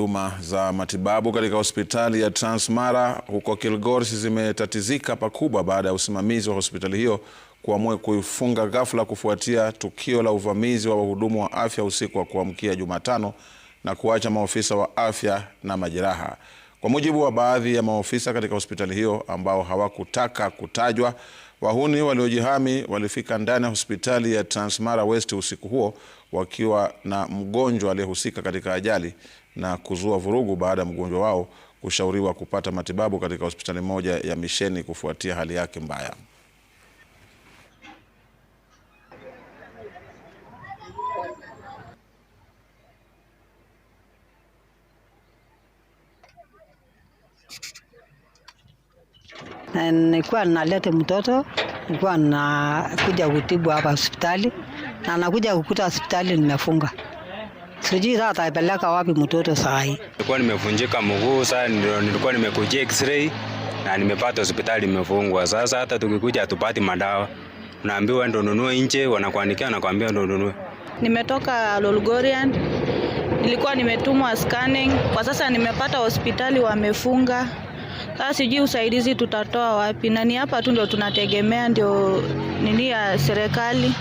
Huduma za matibabu katika hospitali ya Transmara huko Kilgoris zimetatizika pakubwa baada ya usimamizi wa hospitali hiyo kuamua kuifunga ghafla kufuatia tukio la uvamizi wa wahudumu wa afya usiku wa kuamkia Jumatano na kuacha maofisa wa afya na majeraha. Kwa mujibu wa baadhi ya maofisa katika hospitali hiyo ambao hawakutaka kutajwa, wahuni waliojihami walifika ndani ya hospitali ya Transmara West usiku huo wakiwa na mgonjwa aliyehusika katika ajali na kuzua vurugu baada ya mgonjwa wao kushauriwa kupata matibabu katika hospitali moja ya Misheni kufuatia hali yake mbaya. na nilikuwa nalete mtoto, nilikuwa nakuja kutibu hapa hospitali, na nakuja kukuta hospitali nimefunga. Sijui sasa atapeleka wapi mtoto saa hii. Nilikuwa nimevunjika mguu, sasa nilikuwa nimekuja x-ray na nimepata hospitali imefungwa. Sasa hata tukikuja hatupati madawa, unaambiwa ndo nunue nje, wanakuandikia wanakuambia ndo nunue. Nimetoka Lolgorian, nilikuwa nimetumwa scanning, kwa sasa nimepata hospitali wamefunga. Sasa sijui usaidizi tutatoa wapi, na ni hapa tu ndio tunategemea ndio nini ya serikali.